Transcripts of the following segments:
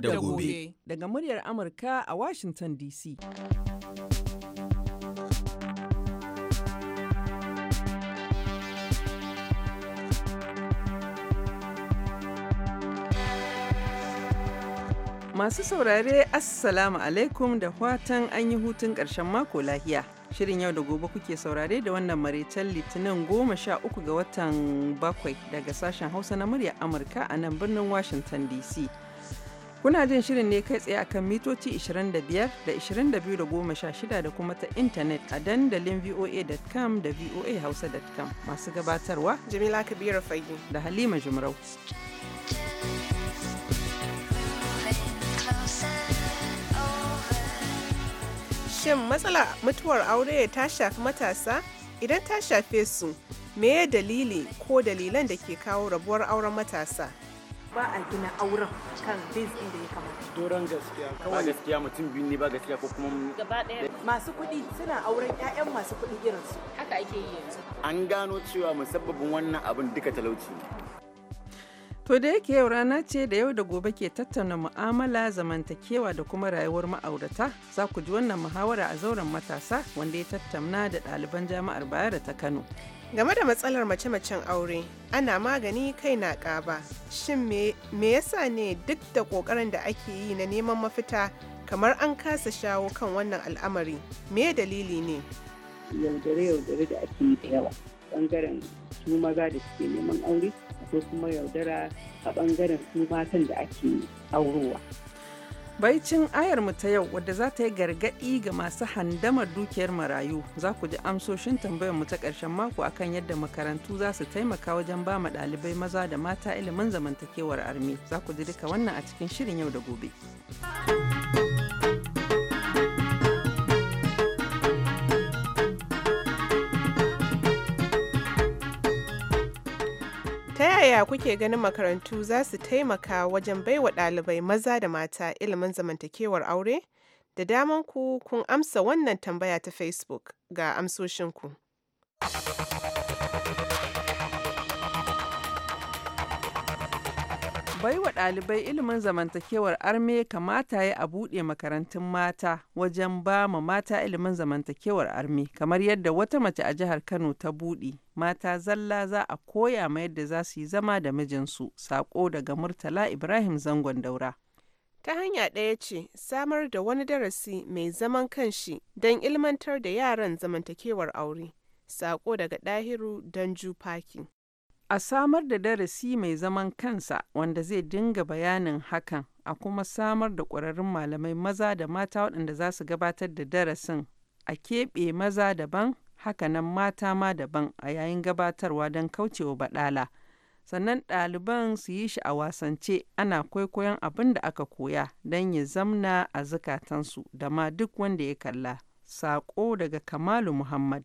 da gobe daga muryar Amurka a Washington DC. Masu saurare Assalamu alaikum da watan an yi hutun ƙarshen mako lahiya. Shirin yau da gobe kuke saurare da wannan maritan litinin goma sha uku ga watan bakwai daga sashen Hausa na murya Amurka a nan birnin Washington DC. Kuna jin shirin ne kai tsaye akan mitoci 25 da 22 da shida da kuma ta intanet a dandalin voa.com da voahausa.com masu gabatarwa Jamila Kabiru Fagi da Halima Jumrau. Shin matsala mutuwar aure ta shafi matasa? Idan ta shafe su, me dalili ko dalilan da ke kawo rabuwar auren matasa? ba a gina auren kan base da ya kamata. Doron gaskiya Ba gaskiya mutum biyu ne ba gaskiya ko kuma. Gaba ɗaya. Masu kuɗi suna auren 'ya'yan masu kuɗi irinsu. Haka ake yi yanzu. An gano cewa musabbabin wannan abin duka talauci ne. To da yake yau rana ce da yau da gobe ke tattauna mu'amala zamantakewa da kuma rayuwar ma'aurata za ku ji wannan muhawara a zauren matasa wanda ya tattauna da ɗaliban jami'ar da ta Kano. Game da matsalar mace-macen aure, ana magani kai na ƙaba. Shin me yasa ne duk da ƙoƙarin da ake yi na neman mafita kamar an kasa shawo kan wannan al'amari? Me dalili ne? Yaudare-yaudare da ake yi da yawa. ɓangaren su maza da suke neman aure ko kuma yaudara a bangaren su matan da ake aurowa. Baicin ayar ta yau wadda za ta yi gargaɗi ga masu handamar dukiyar marayu za ku ji amsoshin tambayar mu ta ƙarshen mako akan yadda makarantu za su taimaka wajen ba ɗalibai maza da mata ilimin zamantakewar armi za ku ji duka wannan a cikin shirin yau da gobe. yaya kuke ganin makarantu za su taimaka wajen baiwa ɗalibai maza da mata ilimin zamantakewar aure? Da daman ku kun amsa wannan tambaya ta Facebook ga amsoshinku. bai wa ɗalibai ilimin zamantakewar arme kamata ya a buɗe makarantun mata wajen ba ma mata ilimin zamantakewar arme kamar yadda wata mace a jihar Kano ta buɗe mata zalla za a koya ma yadda za su yi zama da mijinsu sako daga Murtala Ibrahim Zangon Daura. Ta hanya ɗaya ce samar da wani darasi mai zaman kanshi don ilmantar da yaran zamantakewar aure. Sako daga dahiru Danju Faki. A samar da darasi mai zaman kansa wanda zai dinga bayanin hakan a kuma samar da ƙwararrun malamai maza da mata waɗanda za su gabatar da darasin a keɓe maza daban hakanan mata ma daban a yayin gabatarwa don kaucewa baɗala. sannan ɗaliban su yi shi a wasance ana kwaikwayon abin da aka koya don ya zamna a zukatansu da ma duk wanda ya kalla. saƙo daga Kamalu Muhammad.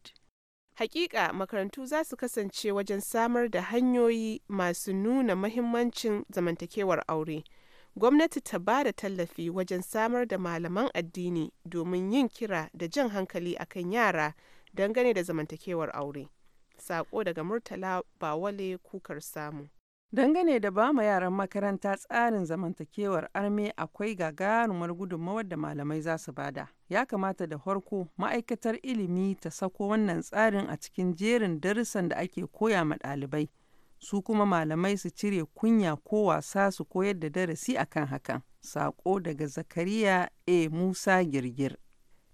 Hakika makarantu za su kasance wajen samar da hanyoyi masu nuna mahimmancin zamantakewar aure. Gwamnati ta ba da tallafi wajen samar da malaman addini domin yin kira da jan hankali akan yara dangane da zamantakewar aure. Sako daga Murtala Bawale Kukar Samu. Dangane da bama yaran makaranta tsarin zamantakewar arme akwai gagarumar gudunmawar da malamai za su bada. Ya kamata da harko ma'aikatar ilimi ta sako wannan tsarin a cikin jerin darussan da ake koya ma ɗalibai, su kuma malamai su cire kunya ko wasa su koyar da darasi akan hakan. Sako daga Zakariya A. Musa Girgir.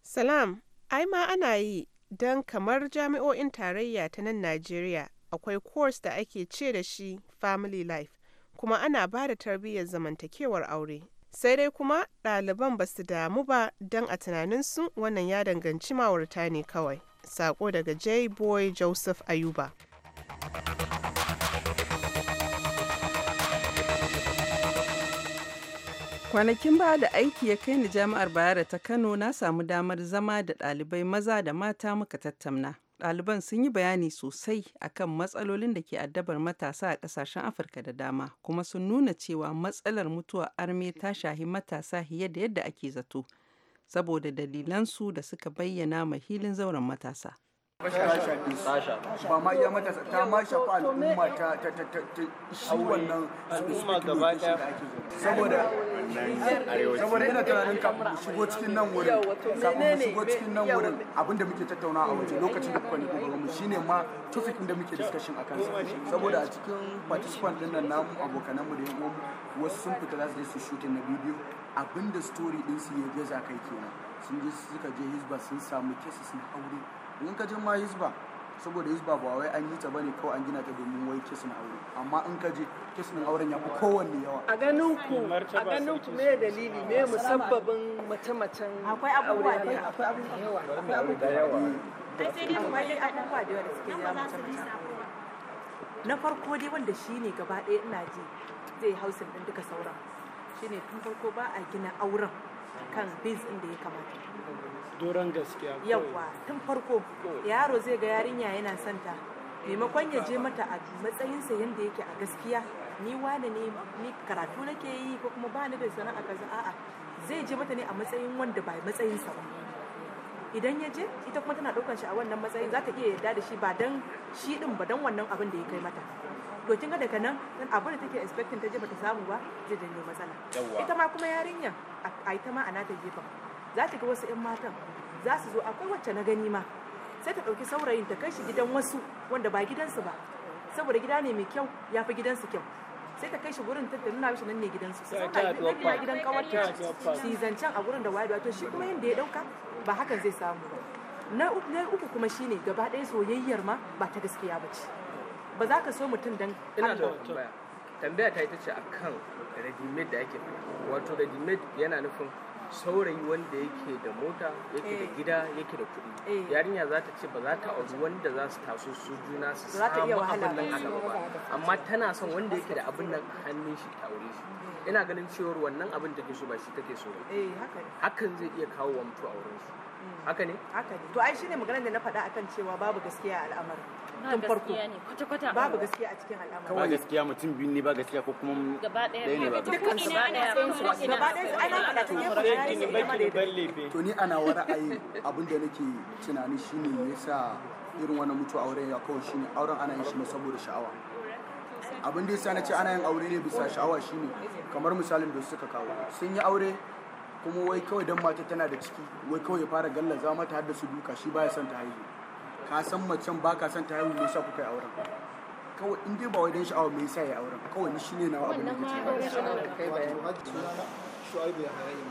Salam, ai ma ana yi don kamar jami'o'in tarayya ta nan Najeriya akwai kwas da ake ce da shi Family Life kuma ana ba da tarbiyyar zamantakewar aure. Sai dai kuma ɗaliban ba su damu ba don a tunaninsu wannan ya danganci ma'aurata ne kawai. Sako daga J. Boy Joseph Ayuba. Kwanakin ba da aiki ya kai ni jami'ar bayar ta Kano na samu damar zama da ɗalibai maza da mata muka tattauna. ɗaliban sun yi bayani sosai a kan matsalolin da ke addabar matasa a ƙasashen Afirka da dama, kuma sun nuna cewa matsalar mutuwa arme ta shahi matasa fiye da yadda ake zato, saboda dalilansu da suka bayyana mahilin zauren matasa. ba ma iya ta ma shafa al'umma ta shi wannan saboda wannan arewacin saboda ina tunanin kafin mu shigo cikin nan wurin kafin mu shigo cikin nan wurin abinda muke tattauna a waje lokacin da kuka ne gobe mu shine ma topic da muke discussion akan sa saboda a cikin participant din nan namu abokanan mu da yan uwan wasu sun fita za su je su shooting na bidiyo abinda story din su ya gaza kai kenan sun je suka je hisba sun samu kesi sun aure in ka je ma hisba saboda hisba ba wai an yi ta bane kawai an gina ta domin wai kesin aure amma in ka je kesin auren ya fi kowanne yawa a ganin ku a me dalili me musabbabin mace-macen akwai abubuwa da yawa da suke yawa na farko dai wanda shi ne gaba ɗaya ina ji zai hausin ɗin duka sauran shi tun farko ba a gina auren kan biz inda ya kamata yawa tun farko yaro zai ga yarinya yana santa maimakon ya je mata a matsayinsa yadda yake a gaskiya ni wani ne ni karatu nake yi ko kuma ba ni da sana'a kaza a'a zai je mata ne a matsayin wanda ba matsayinsa ba idan ya je ita kuma tana daukar shi a wannan matsayin za ta iya yarda da shi ba dan shi din ba dan wannan abin da ya kai mata to kin ga daga nan dan abin da take expecting ta je bata samu ba zai janyo matsala ita ma kuma yarinya a ita ma a nata gefen za ta ga wasu yan matan za su zo akwai wacce na gani ma sai ta dauki saurayin ta kai shi gidan wasu wanda ba gidansu ba saboda gida ne mai kyau ya fi gidansu kyau sai ta kai shi gurin ta nuna shi nan ne gidansu su zauna na gidan ta shi zancen a gurin da wayewa to shi kuma yadda ya dauka ba hakan zai samu ba na uku kuma shine gaba ɗaya soyayyar ma ba ta gaskiya ba ce ba za ka so mutum dan ina da tambaya ta ita ce akan kan da ake wato ready yana nufin saurayi wanda yake da mota yake da eh. gida yake da kuɗi eh. yarinya za ta ce ba za ta auri wanda za su taso su juna su samu abin nan haka ba eh, amma tana son wanda yake da abin nan hannun shi ta aure shi ina ganin cewar wannan abin take so ba shi take so hakan zai iya kawo wa mutu auren shi hmm. haka ne haka ne to ai shine maganar da na faɗa akan cewa babu gaskiya a al'amarin tun farko babu gaskiya a cikin al'amari kawai gaskiya mutum biyu ne ba gaskiya ko kuma gaba ɗaya ne ba dukkan su gaba ɗaya su ana karatun ya fara to ni ana wa ra'ayi abin da nake tunani shine yasa irin wannan mutu auren ya kawai shine auren ana yin shi ne saboda sha'awa abin da yasa na ce ana yin aure ne bisa sha'awa shine kamar misalin da suka kawo sun yi aure kuma wai kawai dan mata tana da ciki wai kawai ya fara gallaza mata har da su duka shi baya son ta haihu ka san macen ba ka san ta haihu me yasa kuka yi auren kawai in dai ba wai dan sha'awa me yasa yi auren kawai ni shine na abin da kake Shu'aibu ya hayi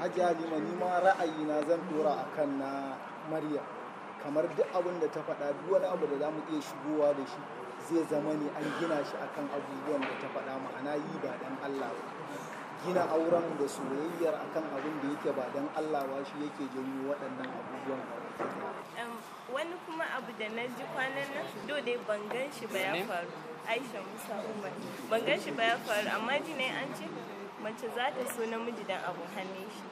Halima ni ma ra'ayi na zan dora akan na Maryam kamar duk abin da ta faɗa duk wani abu da za mu iya shigowa da shi zai zama ne an gina shi akan abubuwan da ta faɗa ma'ana yi ba dan Allah ba gina auren da soyayyar akan abin da yake ba dan Allah ba shi yake janyo waɗannan abubuwan wani kuma abu da na ji kwanan nan do dai ban gan shi ba ya faru aisha musa umar ban gan shi ba ya faru amma ji ne an ce mace za ta so namiji dan abu hannun shi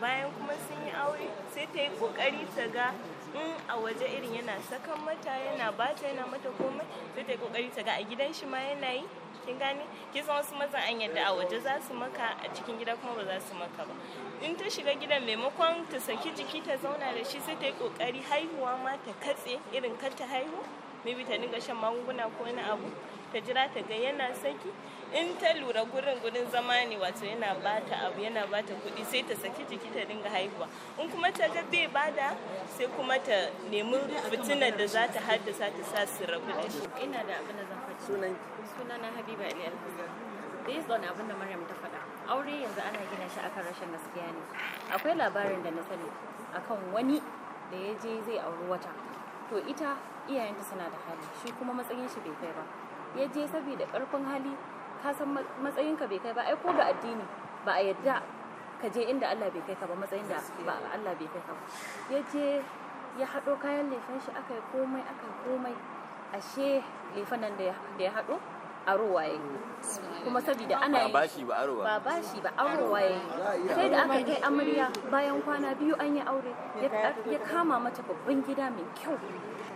bayan kuma sun yi aure sai ta yi kokari ta ga in hmm, a waje irin yana sakan mata yana bata yana mata komai sai ta yi kokari ta ga a gidan shi ma yana yi kin gane kin san wasu mazan an yadda a waje za su maka a cikin gida kuma ba za su maka ba in ta shiga gidan maimakon ta saki jiki ta zauna da shi sai ta yi kokari haihuwa ma ta katse irin kar ta haihu maybe ta dinga shan magunguna ko wani abu ta jira ta ga yana saki in ta lura gurin gurin zama ne wato yana bata abu yana bata kuɗi sai ta saki jiki ta dinga haihuwa in kuma ta ga bai bada sai kuma ta nemi fitinar da za ta haddasa ta sa su rabu da shi ina da abin da sunan sunana habiba ali alhassan based maryam ta faɗa aure yanzu ana gina shi akan rashin gaskiya ne akwai labarin da na sani akan wani da ya je zai auri wata to ita iyayenta suna da hali shi kuma matsayin shi bai kai ba ya je saboda karfin hali ka san matsayinka bai kai ba ai ko da addini ba a yadda ka je inda Allah bai kai ka ba matsayin da ba Allah bai kai ka ba ya je ya haɗo kayan laifin shi aka yi komai aka yi komai ashe lefen nan da ya haɗu a ruwaye kuma saboda ana yi bashi ba arowa ba bashi ba aro ya sai da aka kai amarya bayan kwana biyu an yi aure ya kama mata babban gida mai kyau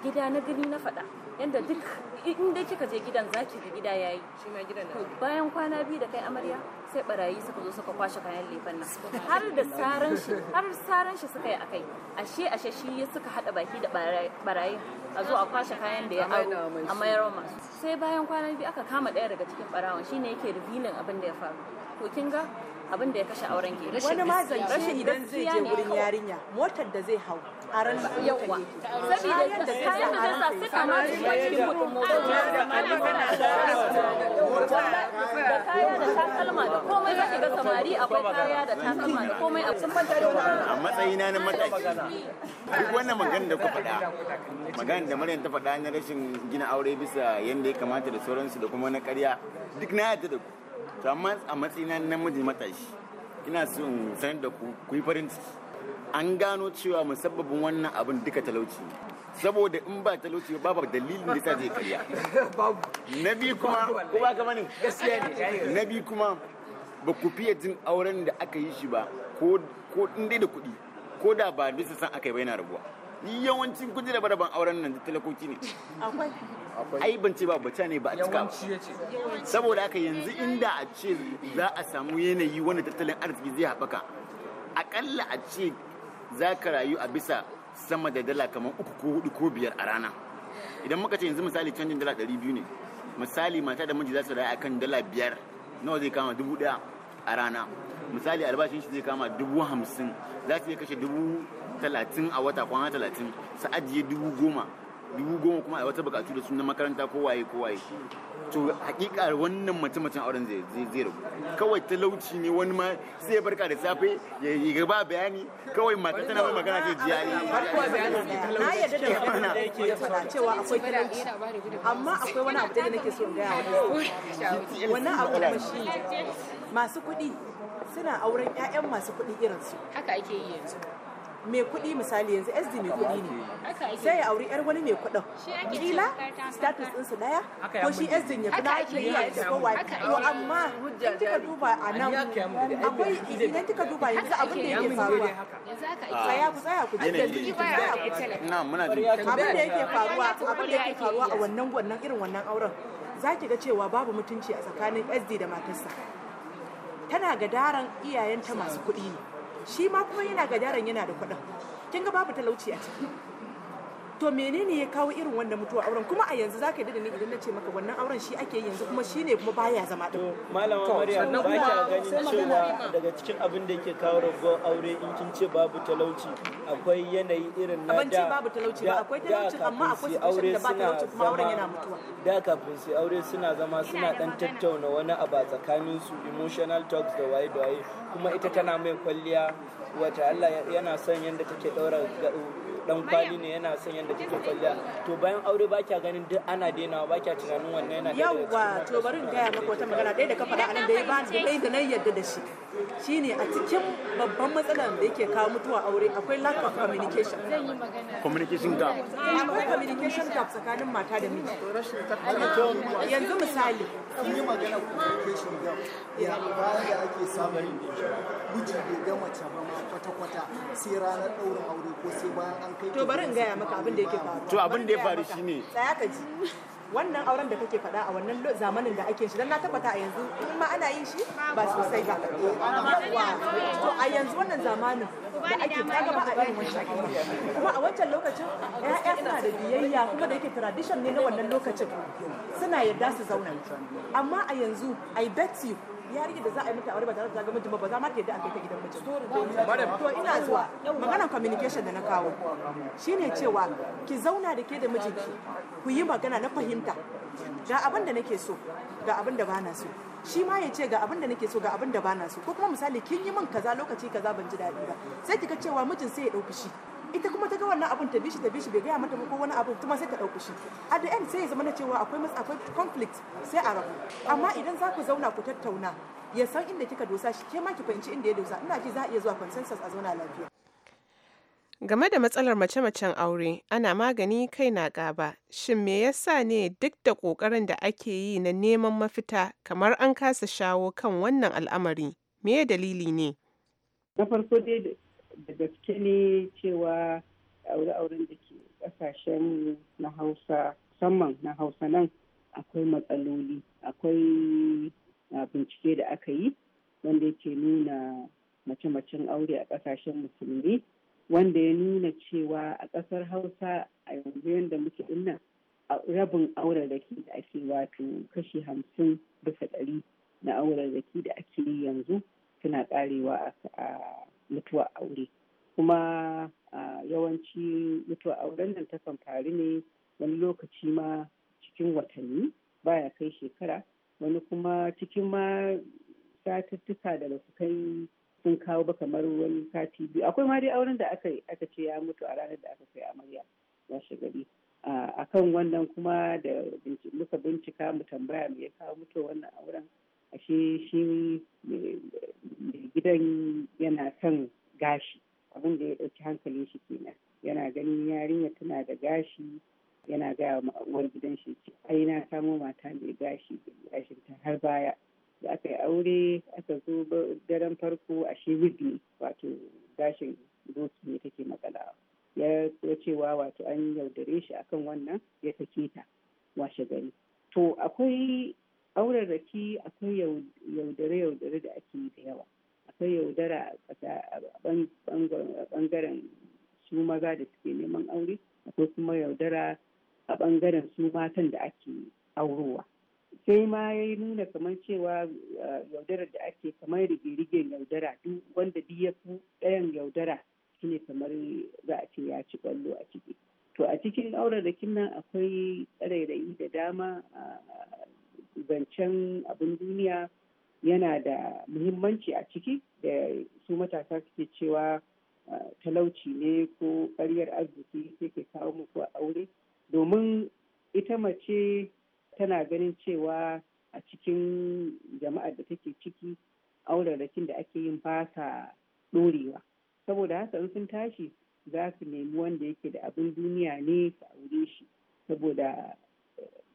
gida na gani na faɗa yadda duk in dai kika je gidan zaki ga gida yayi shi ma gidan bayan kwana biyu da kai amarya sai barayi suka zo suka kwashe kayan lefan nan har da saran shi har saran shi suka yi akai ashe ashe shi ya suka hada baki da barayi a zo a kwashe kayan da ya aro a mayar masu sai bayan kwana biyu aka kama daya daga cikin barawon shine yake revealing abin da ya faru to kin ga abin da ya kashe auren ke wani mazan rashin idan zai je wurin yarinya motar da zai hau a ran yawa saboda da kayan da suka ma shi cikin kudin motar da kaya da takalma da komai zaki ga samari akwai kaya da takalma da komai a cikin a matsayina na mataki duk wannan magana da ku faɗa magana da Maryam ta faɗa na rashin gina aure bisa yadda ya kamata da sauransu da kuma na karya duk na yadda da ku to amma a na namiji matashi ina so in sanar da ku ku farin ciki an gano cewa musabbabin wannan abin duka talauci saboda in ba talauci ba babu dalilin da sa zai karya na biyu kuma ko ba ka mani gaskiya ne na kuma ba ku fiye jin auren da aka yi shi ba ko in dai da kuɗi ko da ba bisa san aka yi bai na rabuwa yawancin da rabar auren nan da talakoki ne ai ban ce ba bace ne ba a cika saboda haka yanzu inda a ce za a samu yanayi wanda tattalin arziki zai haɓaka akalla a ce za ka rayu a bisa sama da dala kamar uku ko hudu ko biyar a rana idan muka ce yanzu misali canjin dala ɗari biyu ne misali mata da miji za su rayu kan dala biyar nawa zai kama dubu ɗaya a rana misali albashin shi zai kama dubu hamsin za su iya kashe dubu talatin a wata kwana talatin su ajiye dubu goma dubu goma kuma a wata bukatu da su na makaranta ko waye ko waye to hakika wannan mace-macen auren zai zai rabu kawai talauci ne wani ma sai barka da safe ya yi gaba bayani kawai mata tana mai magana ce jiya ne na yadda da magana da yake faɗa cewa akwai talauci amma akwai wani abu da nake so ga gaya wa wannan abu da shi masu kuɗi suna auren 'ya'yan masu kuɗi irinsu haka ake yi yanzu mai kuɗi misali yanzu SD mai kuɗi ne sai ya auri yar wani mai kuɗin kila status ɗinsu ɗaya ko shi SD ya fi na aiki ya ce ko wani to amma in kika duba a nan akwai idan kika duba yanzu abin da yake faruwa tsaya ku tsaya ku tsaya abin da yake faruwa abin da yake faruwa a wannan wannan irin wannan auren za ki ga cewa babu mutunci a tsakanin SD da matarsa tana ga iyayenta masu kuɗi ne shi ma kuma yana gajaran yana da kuɗin kin ga babu talauci a ciki to menene ya kawo irin wannan mutuwa auren kuma a yanzu zaka yi da ni idan na ce maka wannan auren shi ake yanzu kuma shine kuma baya zama to malama maryam ba kya ganin cewa daga cikin abin da yake kawo rabuwar aure in kin ce babu talauci akwai yanayi irin na da babu talauci ba akwai talauci amma akwai aure da ba talauci kuma auren yana mutuwa da kafin su aure suna zama suna dan tattauna wani abu tsakanin su emotional talks da waye da waye kuma ita tana mai kwalliya wata Allah yana son yadda take daura dan kwali ne yana son yadda kike kwalliya to bayan aure ba kya ganin duk ana dainawa ba kya tunanin wannan yana da yawa to bari in gaya maka wata magana dai da ka faɗa anan da ya bani dai da na yadda da shi shine a cikin babban matsalar da yake kawo mutuwa aure akwai lack of communication communication gap eh, akwai communication gap tsakanin mata da miji yanzu misali kun yi magana communication gap ya bayan da ake samun miji bai ga mace ba kwata-kwata sai ranar ɗaurin aure ko sai bayan an to bari in gaya maka abin da yake faru to abin da ya faru shine tsaya ka ji wannan auren da kake faɗa a wannan zamanin da ake shi dan na tabbata a yanzu in ma ana yin shi ba sosai ba to a yanzu wannan zamanin da ake ta ba a irin wancan kuma a wancan lokacin ƴaƴa suna da biyayya kuma da yake tradition ne na wannan lokacin suna yadda su zauna amma a yanzu i bet you yarinyar da za a yi mata aure ba tare da ga mijin ba ba za ma ta yadda a kai ta gidan mijin to ina zuwa maganar communication da na kawo shine cewa ki zauna da ke da mijinki ku yi magana na fahimta ga abin da nake so ga abin da bana so shi ma ya ce ga abin da nake so ga abin da bana so ko kuma misali kin yi min kaza lokaci kaza ban ji daɗi ba sai kika cewa mijin sai ya ɗauki shi ita kuma ta ga wannan abun ta bishi ta bishi bai gaya mata ko wani abu kuma sai ta dauki shi a the end sai ya zama na cewa akwai akwai conflict sai a rabu amma idan za ku zauna ku tattauna ya san inda kika dosa shi ke ma ki fahimci inda ya dosa ina ji za a iya zuwa consensus a zauna lafiya game da matsalar mace-macen aure ana magani kai na gaba shin me yasa ne duk da kokarin da ake yi na neman mafita kamar an kasa shawo kan wannan al'amari me dalili ne na farko dai da gaske ne cewa aure-auren da ke kasashen na hausa musamman na hausa nan akwai matsaloli akwai bincike da aka yi wanda yake nuna mace-macen aure a kasashen musulmi wanda ya nuna cewa a kasar hausa a yanzu yadda muke dinnan rabin auren da ke ake wato kashi hamsin bisa ɗari na auren da ke da ake yanzu suna karewa a mutuwa aure kuma yawanci mutuwa auren nan takan faru ne wani lokaci ma cikin watanni baya kai shekara wani kuma cikin ma satuttuka da basu kai sun kawo ba kamar wani sati biyu akwai ma dai auren da aka aka ce ya mutu a ranar da aka kai amarya washe gari a kan wannan kuma da muka bincika mu tambaya me ya kawo mutu wannan auren ashe shi eh, gidan yana son gashi abin da ya ɗauki hankalin shi kenan yana ganin yarinya tana da gashi yana gaya wa uwar gidan shi ai na samo mata mai gashi gashin ta har baya da aka yi aure aka zo daren farko a shi wig wato gashin doki ne take matsala ya cewa wato an yaudare shi akan wannan ya sake ta washe gari to akwai auraraki akwai yaudare-yaudare da ake yi da yawa akwai yaudara a bangaren su maza da suke neman aure akwai kuma yaudara a bangaren su matan da ake aurowa sai ma ya nuna kamar cewa yaudarar da ake kamar rige-rigen yaudara duk wanda duk ya fi ɗayan yaudara shine kamar za a ce ya ci kwallo a ciki to a cikin aurarakin nan akwai tsirairayi da dama zancen abin duniya yana da muhimmanci a ciki da su matasa suke cewa ah, talauci ne ko karyar arziki ke kawo muku a aure domin ita mace tana ganin cewa a cikin jama'ar da take ciki aurarrakin da ake yin ba sa ɗorewa saboda haka in sun tashi za su nemi wanda yake da abin duniya ne su aure shi saboda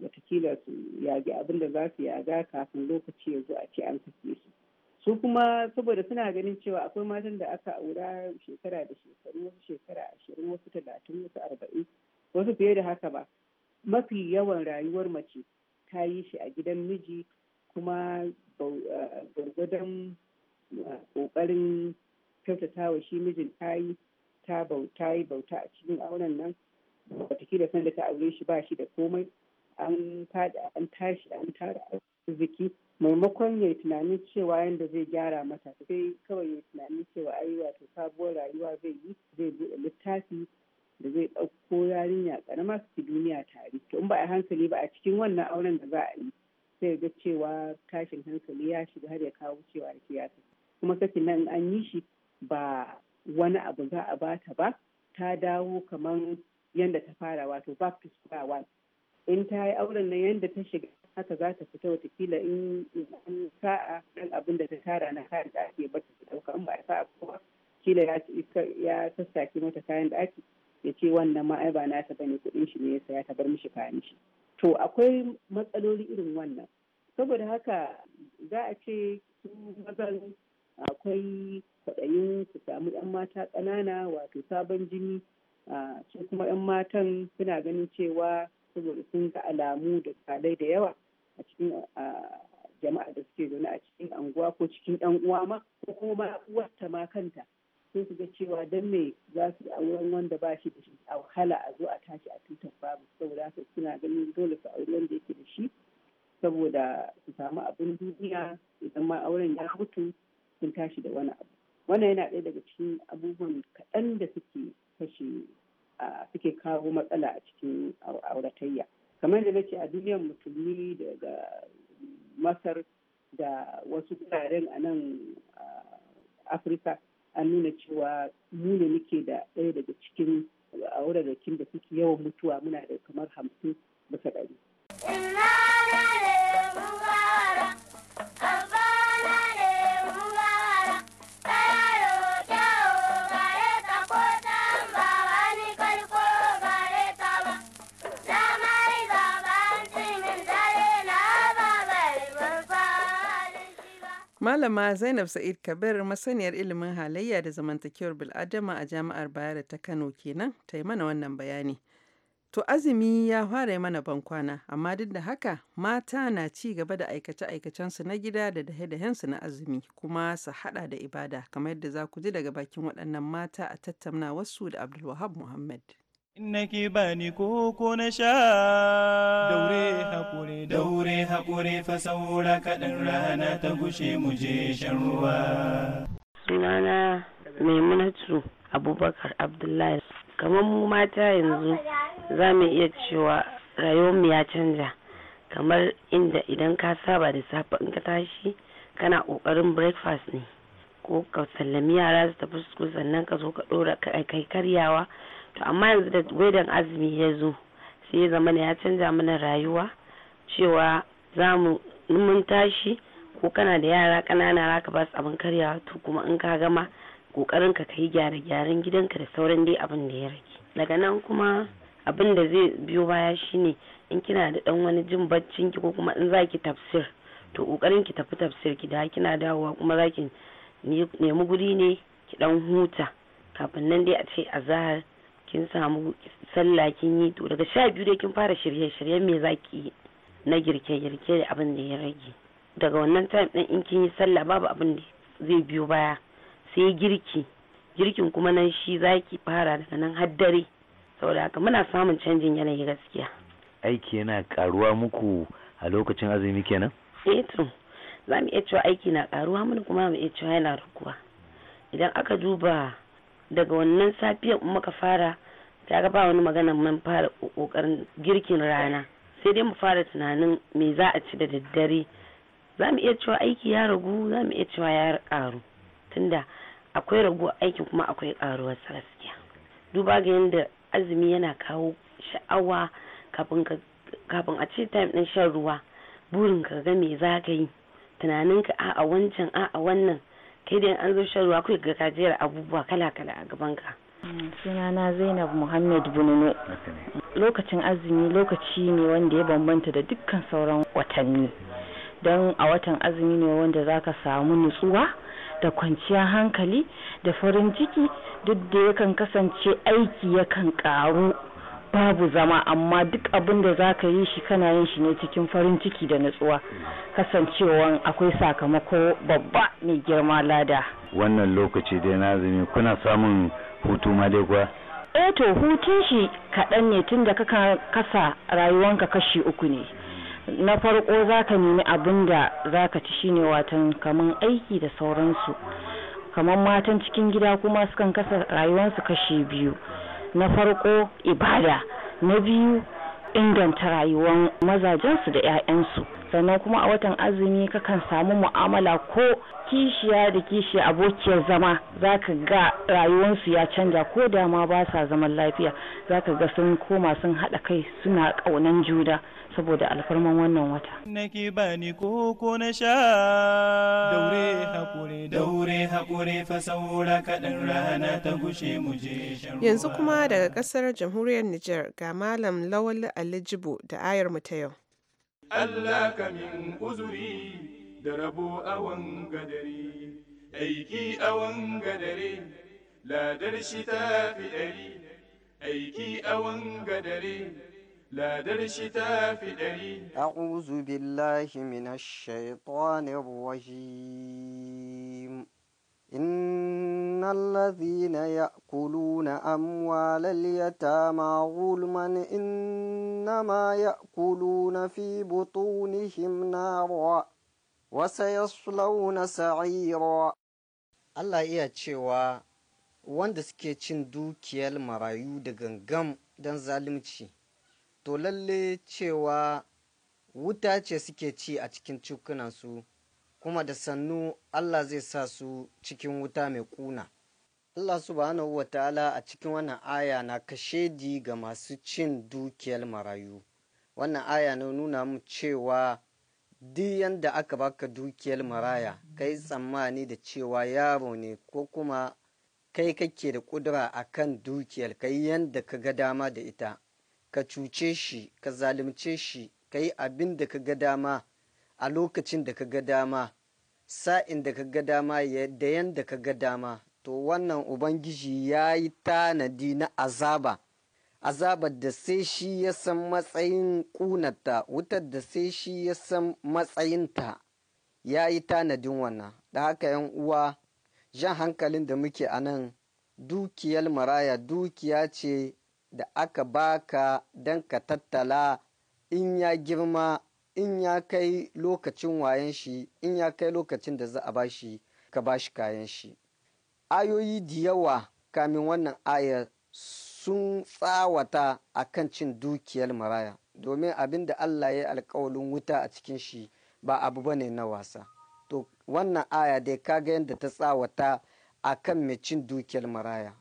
watakila su yagi abin da za su yaga kafin lokaci ya zo a ce an kashe su su kuma saboda suna ganin cewa akwai matan da aka aura shekara da shekaru wasu shekara ashirin wasu talatin wasu arba'in wasu fiye da haka ba mafi yawan rayuwar mace ta yi shi a gidan miji kuma gwargwadon kokarin kyautata shi mijin ta yi ta bauta a cikin auren nan watakila sanda ta aure shi ba shi da komai an fada an tashi an tara arziki maimakon ya tunanin cewa yadda zai gyara mata sai kawai ya tunani cewa ai wato sabuwar rayuwa zai yi zai buɗe littafi da zai ɗauko yarinya ƙarama su ci duniya tare to in ba a hankali ba a cikin wannan auren da za a yi sai ga cewa tashin hankali ya shiga har ya kawo cewa a siyasa kuma sakin nan an yi shi ba wani abu za a bata ba ta dawo kamar yadda ta fara wato back to square one in ta yi auren nan yadda ta shiga haka za ta fita watakila in an sa'a kan abin da ta tara na kayan da ake bata ta ɗauka in ba a sa'a kuma kila ya sassaki mata kayan da ake ya ce wannan ma ai ba nasa bane kuɗin shi ne ya saya ta bar mishi kayan shi to akwai matsaloli irin wannan saboda haka za a ce su mazan akwai kwaɗayin su samu 'yan mata ƙanana wato sabon jini su kuma 'yan matan suna ganin cewa saboda sun ga alamu da kalai da yawa a cikin jama'a da suke zaune a cikin anguwa ko cikin yan uwa ma ko kuma uwarta ma kanta sun su ga cewa dan me za su yi auren wanda ba shi da shi a wahala a zo a tashi a tutar babu saboda haka suna ganin dole su auri wanda yake da shi saboda su samu abin duniya idan ma auren ya mutu sun tashi da wani abu wannan yana ɗaya daga cikin abubuwan kaɗan da suke kawo matsala a cikin auratayya kamar da nace a duniyar musulmi daga masar da wasu kuraren a nan afirka an nuna cewa mu muke da ɗaya daga cikin auratakin da suke yawan mutuwa muna da Zainab Sa'id Kabir masaniyar ilimin halayya da zamantakewar bil'adama a Jami'ar Bayero ta Kano kenan ta yi mana wannan bayani. To azumi ya fara mana bankwana, amma duk da haka mata na ci gaba da aikace-aikacensu na gida da dahe-dahensu na azumi kuma su hada da ibada kamar yadda za ku ji daga bakin waɗannan mata a tattauna wasu da Abdulwahab Muhammad. Innaki bani koko na sha daure haƙuri daure haƙuri fa kaɗan rana ta gushe mu je shan ruwa. Sunana Maimunatu Abubakar Abdullahi kamar mu mata yanzu za mu iya cewa rayuwarmu ya canja kamar inda idan ka saba da safe in ka tashi kana ƙoƙarin breakfast ne ko ka sallami yara su tafi su sannan ka zo ka ɗora kai karyawa. to amma yanzu da wedan azumi ya zo sai ya zama ya canja mana rayuwa cewa za mu mun tashi ko kana da yara ƙanana ka ba su abin karyawa to kuma in ka gama kokarin ka kai gyare gyaren gidanka da sauran dai abin da ya rage daga nan kuma abin da zai biyo baya shine in kina da dan wani jin baccin ki ko kuma in zaki tafsir to kokarin ki tafi tafsir ki da kina dawowa kuma zaki nemi guri ne ki dan huta kafin nan dai a ce azahar kin samu sallah kin yi to daga sha biyu dai kin fara shirye-shiryen me zaki yi na girke-girke da abin da ya rage daga wannan time din in kin yi sallah babu abin da zai biyo baya sai girki girkin kuma nan shi zaki fara daga nan har dare saboda haka muna samun canjin yanayi gaskiya aiki yana karuwa muku a lokacin azumi kenan eh to za mu iya cewa aiki na karuwa mun kuma mu iya cewa yana raguwa idan aka duba daga wannan safiyar muka fara ta ga ba wani magana mun fara kokarin girkin rana sai dai mu fara tunanin me za a ci da daddare za mu iya cewa aiki ya ragu za mu iya cewa ya karu tunda akwai ragu aiki kuma akwai karuwar sa gaskiya duba ga yadda azumi yana kawo sha'awa kafin a ce time din shan ruwa burin ka ga me za ka yi tunanin ka a'a wancan a'a wannan kai da an zo shan kai ga kajiyar abubuwa kala kala a gabanka. ka mm, sunana zainab muhammad bununu lokacin azumi lokaci ne wanda ya bambanta da dukkan sauran watanni don a watan azumi ne wanda za ka samu nutsuwa da kwanciyar hankali da farin ciki duk da yakan kasance aiki yakan karu babu zama amma duk abin da za ka yi shi kana yin shi ne cikin farin ciki da nutsuwa kasancewan akwai sakamako babba mai girma lada wannan lokaci dai na kuna samun hutu ma dai kuwa eh to shi kaɗan ne tun da ka kasa rayuwanka kashi uku ne na farko za ka nemi abin da za ka ci shine watan kaman aiki da sauransu kamar matan cikin gida kuma sukan kasa rayuwansu kashi biyu na farko ibada na biyu inganta rayuwar mazajensu da 'ya'yansu sannan kuma a watan azumi kakan samu mu'amala ko kishiya da kishiya abokiyar zama za ka ga rayuwarsu ya canja ko dama ma ba sa zaman lafiya za ka ga sun koma sun haɗa kai suna ƙaunan juna saboda alfarman wannan wata nake bani koko na sha daure hakuri daure hakuri fa saura kaɗan rana ta gushe mu je yanzu kuma daga ƙasar jamhuriyar Nijar ga malam Lawal alijibu da ayar mu ta yau Allah ka min uzuri da rabo awan gadari aiki awan gadari ladar shi ta fi ɗari aiki awan gadari لدى شتاء في دليل أعوذ بالله من الشيطان الرجيم إن الذين يأكلون أموال اليتامى ظلما إنما يأكلون في بطونهم نارا وسيصلون سعيرا الله يا cewa wanda suke cin دغنغم marayu ظالمتشي to lalle cewa wuta ce suke ci a cikin cikunansu kuma da sannu Allah zai sa su cikin wuta mai ƙuna. Allah subhanahu wa ta'ala a cikin wannan aya na kashedi ga masu cin dukiyar marayu. Wannan aya na nuna mu cewa duk yanda aka baka dukiyar maraya kai tsammani da cewa yaro ne ko kuma kai kake da kudura kan dukiyar kai yanda ka ga dama da ita ka cuce shi ka zalunce shi ka yi abin da ka ga dama a lokacin da ka ga dama sa'in da ka ga dama da yanda ka ga dama to wannan ubangiji ya yi tanadi na azaba azabar da sai shi ya san matsayin ƙunata wutar da sai shi ya san matsayinta ya yi tanadin wannan da haka yan uwa jan hankalin da muke a nan dukiyar maraya dukiya ce da aka baka don ka tattala in ya girma in ya kai lokacin wayan shi in ya kai lokacin da za a ba shi ka ba shi kayan shi ayoyi da yawa kamin wannan ayar sun tsawata a kan cin dukiyar maraya domin abin da Allah ya yi alkawalin wuta a cikin shi ba abu ba ne na wasa to wannan aya dai kaga yadda ta tsawata a kan mai cin dukiyar maraya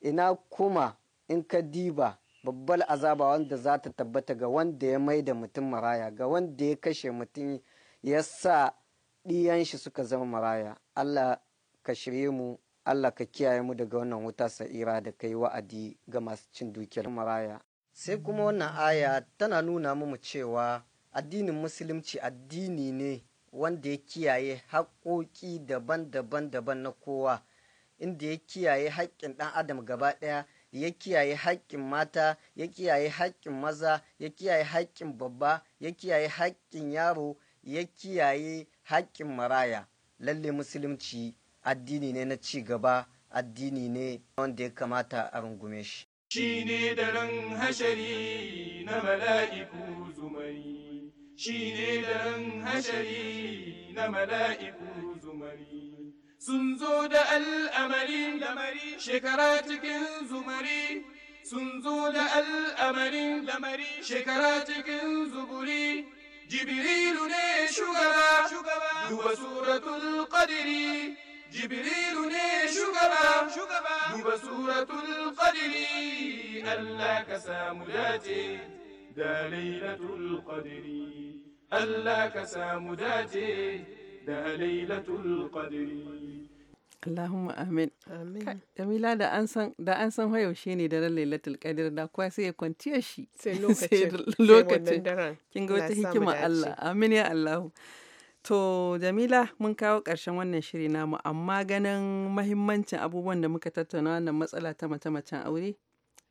ina kuma in ka diba babbal azaba wanda za ta tabbata ga wanda ya mai da mutum maraya ga wanda ya kashe mutum ya sa ɗiyan shi suka zama maraya Allah ka shirye mu Allah ka kiyaye mu daga wannan wuta sa'ira da kai wa'adi ga masu cin dukiyar maraya sai kuma wannan aya tana nuna mu cewa addinin musulunci addini ne wanda ya kiyaye haƙoƙi daban-daban daban na kowa inda ya kiyaye haƙƙin ɗan adam gaba ɗaya ya kiyaye haƙƙin mata ya kiyaye haƙƙin maza ya kiyaye haƙƙin babba ya kiyaye haƙƙin yaro ya kiyaye haƙƙin maraya lalle musulunci addini ne na ci gaba addini ne wanda ya kamata a rungume shi shi ne daren hashari na mala'iku zumari shi ne daren hashari na mala'iku zumari سنزود الأمرين شكراتك زمري سنزود الأمرين شكراتك زبري جبريل ني شغبا هو سورة القدر جبريل ني شغبا هو سورة القدر ألا كسام دا ليلة القدر ألا كسام كسامداتي da lailatul qadri Allahumma amin. Amin. Jamila da an san da an san hayaushe ne ran Lailatul Qadr da kuwa sai ya kwanciya shi. Sai lokacin. Kin ga wata hikima Allah. Amin ya Allahu. To Jamila mun kawo ƙarshen wannan shiri namu amma ganin mahimmancin abubuwan da muka tattauna wannan matsala ta mace-macen aure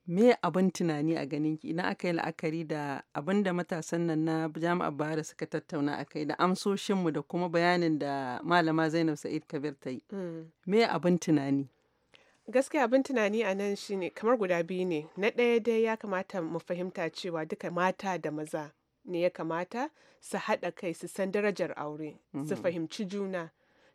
Me abin tunani a ganin ki idan aka yi la'akari da abin da matasan nan na jami'ar Bahari suka tattauna a kai da amsoshinmu da kuma bayanin da malama Zainab Sa'id Kabir ta yi. Mm. Me abin tunani? Gaskiya abin tunani a nan shine kamar guda biyu ne. Na ɗaya dai ya kamata mu fahimta cewa duka mata da maza ne ya kamata su haɗa kai su san darajar aure, su mm-hmm. fahimci juna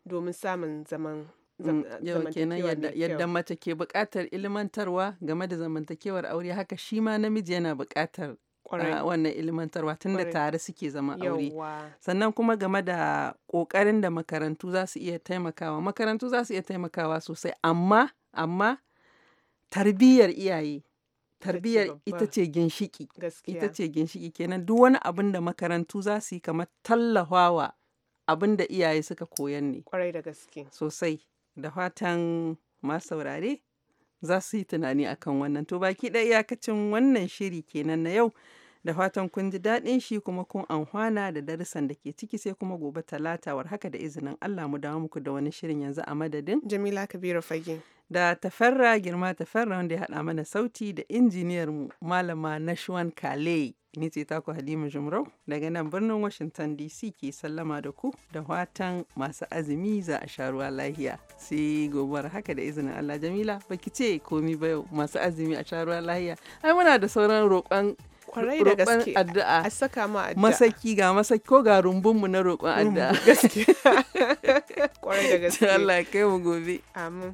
domin samun zaman Mm, eh, yau kenan yadda mace ke bukatar ilmantarwa game da zamantakewar aure haka shi ma namiji yana bukatar eh, wannan ilmantarwa tun da tare suke zama aure sannan kuma game da kokarin da makarantu za su iya taimakawa makarantu za su iya taimakawa sosai amma amma tarbiyyar iyaye tarbiyyar ita ce ginshiki ita ce ginshiki kenan duk wani abin da makarantu za su yi kamar tallafawa abin da iyaye suka koyan ne kwarai da gaske sosai da fatan masu saurare za su yi tunani akan wannan to baki ɗaya iyakacin wannan shiri kenan na yau Da fatan kun ji daɗin shi kuma kun anhwana da darussan da ke ciki sai kuma gobe talata war haka da izinin Allah mu dawo muku da wani shirin yanzu a madadin. Jamila Kabiru Fage. Da tafarra girma tafarra wanda ya haɗa mana sauti da injiniyar mu malama Nashwan Kale. Ni ce taku Halima Jumrau daga nan birnin Washington DC ke sallama da ku da fatan masu azumi za a sha ruwa lahiya. Sai gobar haka da izinin Allah Jamila baki ce komi ba yau masu azumi a sha ruwa lahiya. Ai muna da sauran roƙon kwarai da gaske addu'a a saka ma addu'a masaki ga masaki ko ga rumbun mu na roƙon addu'a gaske kwarai da gaske Allah ya kai mu gobe amin